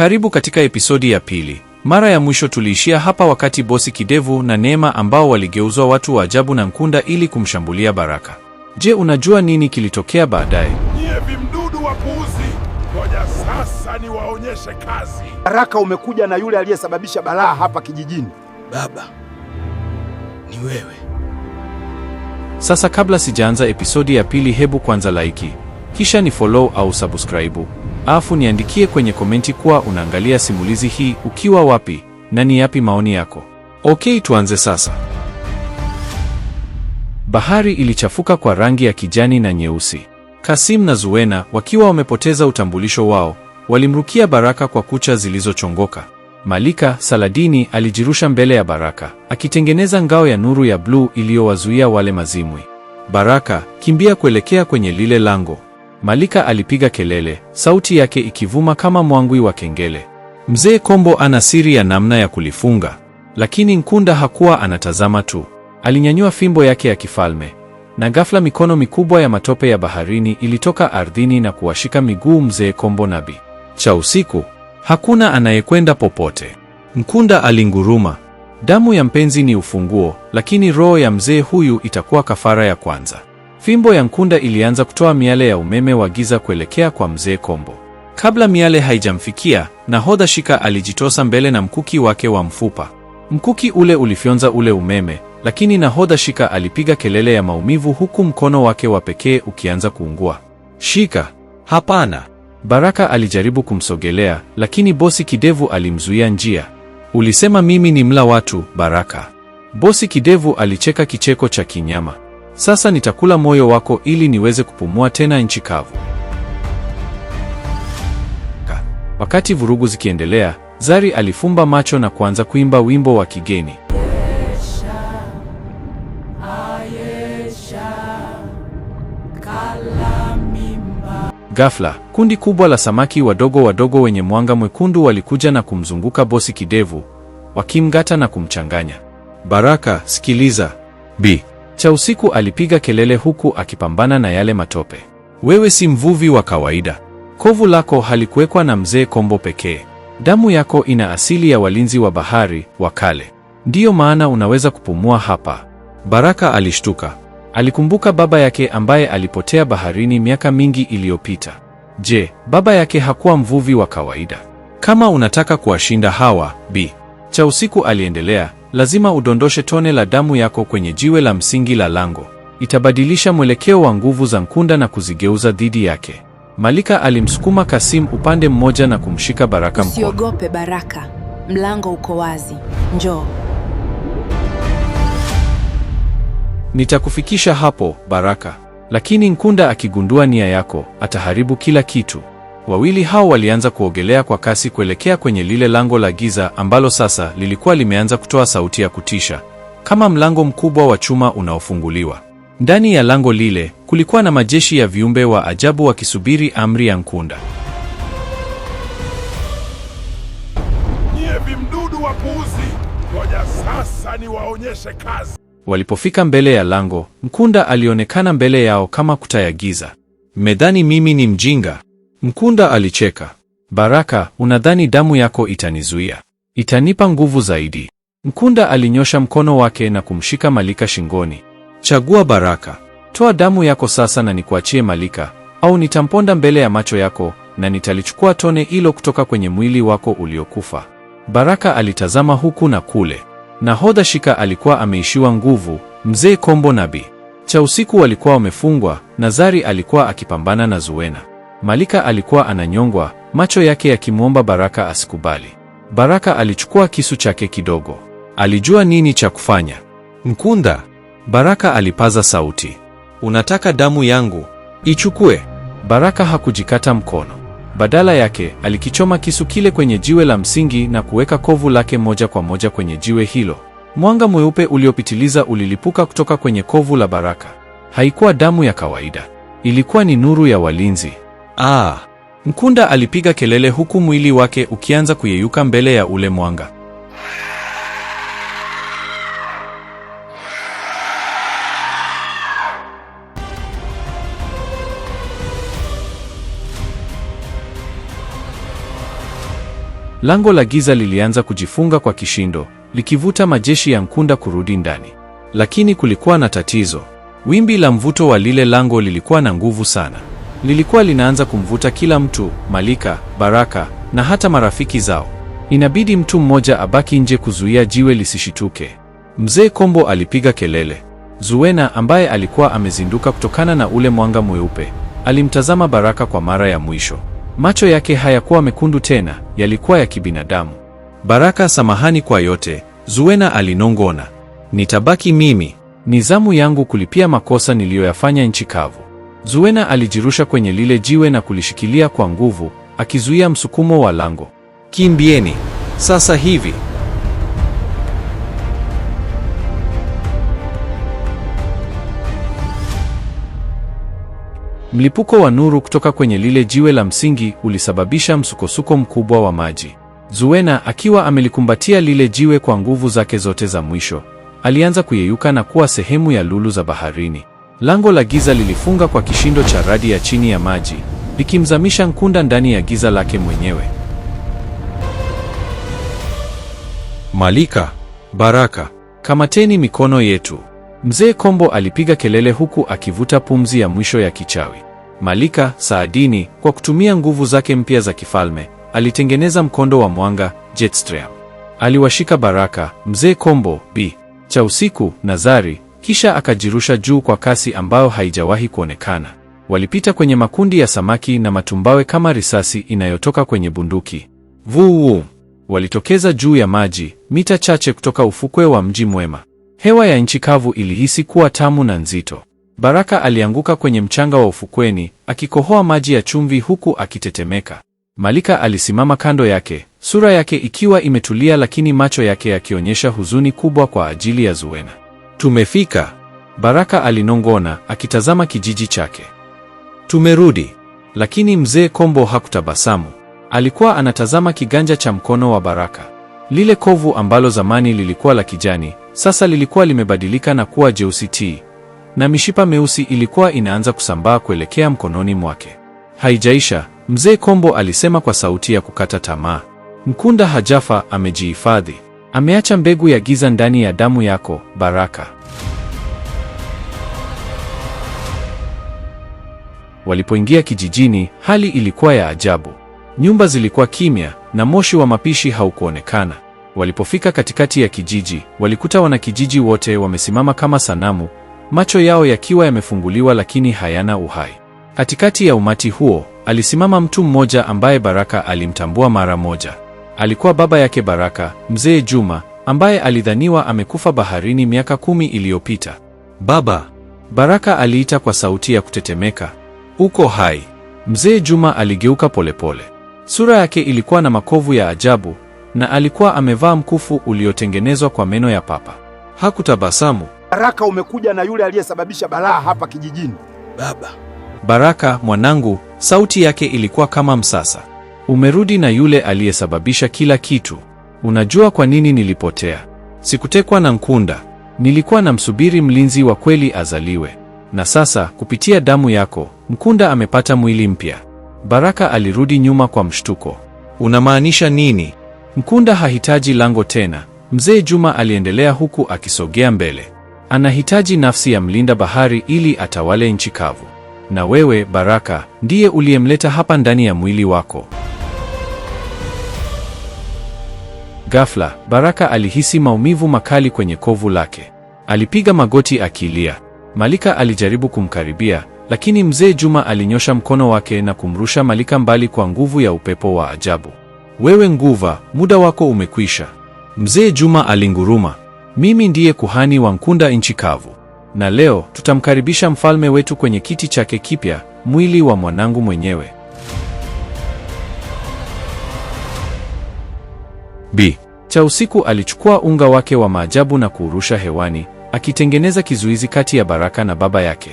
Karibu katika episodi ya pili. Mara ya mwisho tuliishia hapa wakati bosi kidevu na Neema ambao waligeuzwa watu wa ajabu na Nkunda ili kumshambulia Baraka. Je, unajua nini kilitokea baadaye? Nyie vimdudu wa wapuuzi, ngoja sasa niwaonyeshe kazi. Baraka, umekuja na yule aliyesababisha balaa hapa kijijini. Baba, ni wewe. Sasa kabla sijaanza episodi ya pili, hebu kwanza laiki, kisha ni follow au subscribe. Afu niandikie kwenye komenti kuwa unaangalia simulizi hii ukiwa wapi na ni yapi maoni yako. Okay, tuanze sasa. Bahari ilichafuka kwa rangi ya kijani na nyeusi. Kasim na zuena wakiwa wamepoteza utambulisho wao, walimrukia Baraka kwa kucha zilizochongoka. Malika Saladini alijirusha mbele ya Baraka, akitengeneza ngao ya nuru ya bluu iliyowazuia wale mazimwi. Baraka, kimbia kuelekea kwenye lile lango. Malika alipiga kelele, sauti yake ikivuma kama mwangwi wa kengele. Mzee Kombo ana siri ya namna ya kulifunga, lakini Nkunda hakuwa anatazama tu. Alinyanyua fimbo yake ya kifalme, na ghafla mikono mikubwa ya matope ya baharini ilitoka ardhini na kuwashika miguu Mzee Kombo nabi cha usiku. Hakuna anayekwenda popote. Nkunda alinguruma. Damu ya mpenzi ni ufunguo, lakini roho ya mzee huyu itakuwa kafara ya kwanza. Fimbo ya Nkunda ilianza kutoa miale ya umeme wa giza kuelekea kwa mzee Kombo. Kabla miale haijamfikia, nahodha Shika alijitosa mbele na mkuki wake wa mfupa. Mkuki ule ulifyonza ule umeme, lakini nahodha Shika alipiga kelele ya maumivu huku mkono wake wa pekee ukianza kuungua. Shika, hapana! Baraka alijaribu kumsogelea, lakini bosi Kidevu alimzuia njia. Ulisema mimi ni mla watu, Baraka. Bosi Kidevu alicheka kicheko cha kinyama. Sasa nitakula moyo wako ili niweze kupumua tena nchi kavu. Wakati vurugu zikiendelea, Zari alifumba macho na kuanza kuimba wimbo wa kigeni. Ghafla, kundi kubwa la samaki wadogo wadogo wenye mwanga mwekundu walikuja na kumzunguka bosi kidevu, wakimgata na kumchanganya. Baraka, sikiliza. Bi cha usiku alipiga kelele huku akipambana na yale matope. Wewe si mvuvi wa kawaida. Kovu lako halikuwekwa na mzee Kombo pekee. Damu yako ina asili ya walinzi wa bahari wa kale. Ndiyo maana unaweza kupumua hapa. Baraka alishtuka. Alikumbuka baba yake ambaye alipotea baharini miaka mingi iliyopita. Je, baba yake hakuwa mvuvi wa kawaida? Kama unataka kuwashinda hawa, Bi. Cha usiku aliendelea, lazima udondoshe tone la damu yako kwenye jiwe la msingi la lango. Itabadilisha mwelekeo wa nguvu za Nkunda na kuzigeuza dhidi yake. Malika alimsukuma Kasim upande mmoja na kumshika Baraka mkono. Usiogope Baraka, mlango uko wazi, njoo. Nitakufikisha hapo Baraka, lakini Nkunda akigundua nia yako ataharibu kila kitu. Wawili hao walianza kuogelea kwa kasi kuelekea kwenye lile lango la giza ambalo sasa lilikuwa limeanza kutoa sauti ya kutisha, kama mlango mkubwa wa chuma unaofunguliwa. Ndani ya lango lile kulikuwa na majeshi ya viumbe wa ajabu wakisubiri amri ya Nkunda. Nyie vimdudu wapuuzi, ngoja sasa niwaonyeshe kazi. Walipofika mbele ya lango, Nkunda alionekana mbele yao kama kuta ya giza. Mmedhani mimi ni mjinga? Mkunda alicheka. Baraka, unadhani damu yako itanizuia? Itanipa nguvu zaidi. Mkunda alinyosha mkono wake na kumshika Malika shingoni. Chagua Baraka, toa damu yako sasa na nikuachie Malika, au nitamponda mbele ya macho yako na nitalichukua tone hilo kutoka kwenye mwili wako uliokufa. Baraka alitazama huku na kule. Nahodha Shika alikuwa ameishiwa nguvu, mzee Kombo nabi Cha usiku walikuwa wamefungwa, Nazari alikuwa akipambana na Zuwena. Malika alikuwa ananyongwa, macho yake yakimwomba Baraka asikubali. Baraka alichukua kisu chake kidogo. Alijua nini cha kufanya. Mkunda, Baraka alipaza sauti. Unataka damu yangu? Ichukue. Baraka hakujikata mkono. Badala yake, alikichoma kisu kile kwenye jiwe la msingi na kuweka kovu lake moja kwa moja kwenye jiwe hilo. Mwanga mweupe uliopitiliza ulilipuka kutoka kwenye kovu la Baraka. Haikuwa damu ya kawaida. Ilikuwa ni nuru ya walinzi. Ah! Mkunda alipiga kelele huku mwili wake ukianza kuyeyuka mbele ya ule mwanga. Lango la giza lilianza kujifunga kwa kishindo, likivuta majeshi ya Mkunda kurudi ndani. Lakini kulikuwa na tatizo. Wimbi la mvuto wa lile lango lilikuwa na nguvu sana lilikuwa linaanza kumvuta kila mtu, Malika, Baraka na hata marafiki zao. Inabidi mtu mmoja abaki nje kuzuia jiwe lisishituke. Mzee Kombo alipiga kelele. Zuwena ambaye alikuwa amezinduka kutokana na ule mwanga mweupe, alimtazama Baraka kwa mara ya mwisho. Macho yake hayakuwa mekundu tena, yalikuwa ya kibinadamu. Baraka, samahani kwa yote, Zuwena alinongona. Nitabaki mimi, ni zamu yangu kulipia makosa niliyoyafanya nchi kavu. Zuena alijirusha kwenye lile jiwe na kulishikilia kwa nguvu, akizuia msukumo wa lango. Kimbieni sasa hivi! Mlipuko wa nuru kutoka kwenye lile jiwe la msingi ulisababisha msukosuko mkubwa wa maji. Zuena akiwa amelikumbatia lile jiwe kwa nguvu zake zote za mwisho, alianza kuyeyuka na kuwa sehemu ya lulu za baharini. Lango la giza lilifunga kwa kishindo cha radi ya chini ya maji, likimzamisha Nkunda ndani ya giza lake mwenyewe. Malika, Baraka, kamateni mikono yetu! Mzee Kombo alipiga kelele huku akivuta pumzi ya mwisho ya kichawi. Malika Saadini, kwa kutumia nguvu zake mpya za kifalme, alitengeneza mkondo wa mwanga jetstream. Aliwashika Baraka, Mzee Kombo, Bi Cha Usiku na Zari kisha akajirusha juu kwa kasi ambayo haijawahi kuonekana. Walipita kwenye makundi ya samaki na matumbawe kama risasi inayotoka kwenye bunduki. Vuu! Walitokeza juu ya maji, mita chache kutoka ufukwe wa Mji Mwema. Hewa ya nchi kavu ilihisi kuwa tamu na nzito. Baraka alianguka kwenye mchanga wa ufukweni, akikohoa maji ya chumvi huku akitetemeka. Malika alisimama kando yake, sura yake ikiwa imetulia lakini macho yake yakionyesha huzuni kubwa kwa ajili ya Zuwena. Tumefika, Baraka alinong'ona, akitazama kijiji chake. Tumerudi. Lakini mzee Kombo hakutabasamu. Alikuwa anatazama kiganja cha mkono wa Baraka. Lile kovu ambalo zamani lilikuwa la kijani, sasa lilikuwa limebadilika na kuwa jeusi tii, na mishipa meusi ilikuwa inaanza kusambaa kuelekea mkononi mwake. Haijaisha, mzee Kombo alisema kwa sauti ya kukata tamaa. Mkunda hajafa, amejihifadhi. Ameacha mbegu ya giza ndani ya damu yako, Baraka. Walipoingia kijijini, hali ilikuwa ya ajabu. Nyumba zilikuwa kimya na moshi wa mapishi haukuonekana. Walipofika katikati ya kijiji, walikuta wanakijiji wote wamesimama kama sanamu, macho yao yakiwa yamefunguliwa lakini hayana uhai. Katikati ya umati huo, alisimama mtu mmoja ambaye Baraka alimtambua mara moja alikuwa baba yake Baraka, mzee Juma, ambaye alidhaniwa amekufa baharini miaka kumi iliyopita. Baba, Baraka aliita kwa sauti ya kutetemeka. Uko hai? Mzee Juma aligeuka polepole. Sura yake ilikuwa na makovu ya ajabu na alikuwa amevaa mkufu uliotengenezwa kwa meno ya papa. Hakutabasamu. Baraka, umekuja na yule aliyesababisha balaa hapa kijijini. Baba. Baraka mwanangu, sauti yake ilikuwa kama msasa. Umerudi na yule aliyesababisha kila kitu. Unajua kwa nini nilipotea? Sikutekwa na Nkunda, nilikuwa namsubiri mlinzi wa kweli azaliwe. Na sasa kupitia damu yako Mkunda amepata mwili mpya. Baraka alirudi nyuma kwa mshtuko. Unamaanisha nini? Mkunda hahitaji lango tena, mzee Juma aliendelea huku akisogea mbele. Anahitaji nafsi ya mlinda bahari ili atawale nchi kavu. Na wewe Baraka ndiye uliyemleta hapa ndani ya mwili wako. Ghafla, Baraka alihisi maumivu makali kwenye kovu lake. Alipiga magoti akilia. Malika alijaribu kumkaribia, lakini mzee Juma alinyosha mkono wake na kumrusha Malika mbali kwa nguvu ya upepo wa ajabu. Wewe nguva, muda wako umekwisha. Mzee Juma alinguruma. Mimi ndiye kuhani wa Nkunda nchi kavu, na leo tutamkaribisha mfalme wetu kwenye kiti chake kipya, mwili wa mwanangu mwenyewe. Bi cha usiku alichukua unga wake wa maajabu na kuurusha hewani, akitengeneza kizuizi kati ya Baraka na baba yake.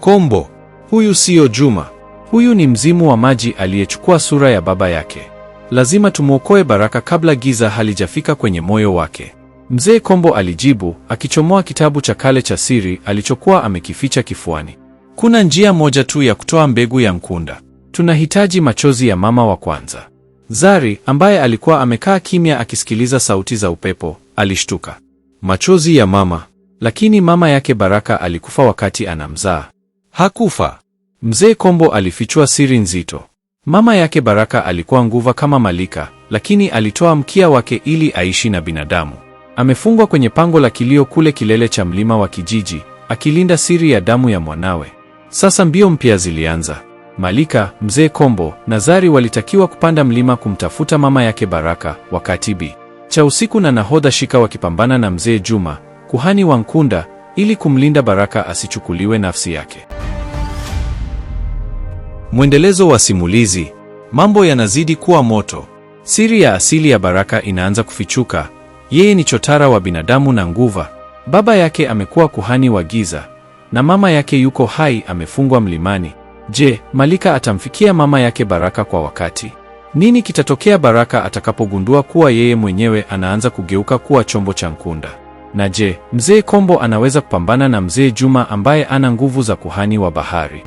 Kombo, huyu siyo Juma, huyu ni mzimu wa maji aliyechukua sura ya baba yake. Lazima tumwokoe Baraka kabla giza halijafika kwenye moyo wake. Mzee Kombo alijibu akichomoa kitabu cha kale cha siri alichokuwa amekificha kifuani. Kuna njia moja tu ya kutoa mbegu ya mkunda. Tunahitaji machozi ya mama wa kwanza. Zari ambaye alikuwa amekaa kimya akisikiliza sauti za upepo alishtuka. Machozi ya mama. Lakini mama yake Baraka alikufa wakati anamzaa. Hakufa. Mzee Kombo alifichua siri nzito. Mama yake Baraka alikuwa nguva kama Malika, lakini alitoa mkia wake ili aishi na binadamu. Amefungwa kwenye pango la kilio kule kilele cha mlima wa kijiji, akilinda siri ya damu ya mwanawe. Sasa mbio mpya zilianza. Malika, mzee Kombo na Zari walitakiwa kupanda mlima kumtafuta mama yake Baraka, wakati Bi cha usiku na nahodha Shika wakipambana na mzee Juma, kuhani wa Nkunda, ili kumlinda Baraka asichukuliwe nafsi yake. Mwendelezo wa simulizi. Mambo yanazidi kuwa moto. Siri ya asili ya Baraka inaanza kufichuka. Yeye ni chotara wa binadamu na nguva. Baba yake amekuwa kuhani wa giza na mama yake yuko hai, amefungwa mlimani. Je, Malika atamfikia mama yake Baraka kwa wakati? Nini kitatokea Baraka atakapogundua kuwa yeye mwenyewe anaanza kugeuka kuwa chombo cha Nkunda? Na je, Mzee Kombo anaweza kupambana na Mzee Juma ambaye ana nguvu za kuhani wa bahari?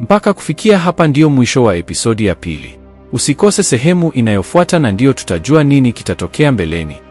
Mpaka kufikia hapa ndiyo mwisho wa episodi ya pili. Usikose sehemu inayofuata na ndiyo tutajua nini kitatokea mbeleni.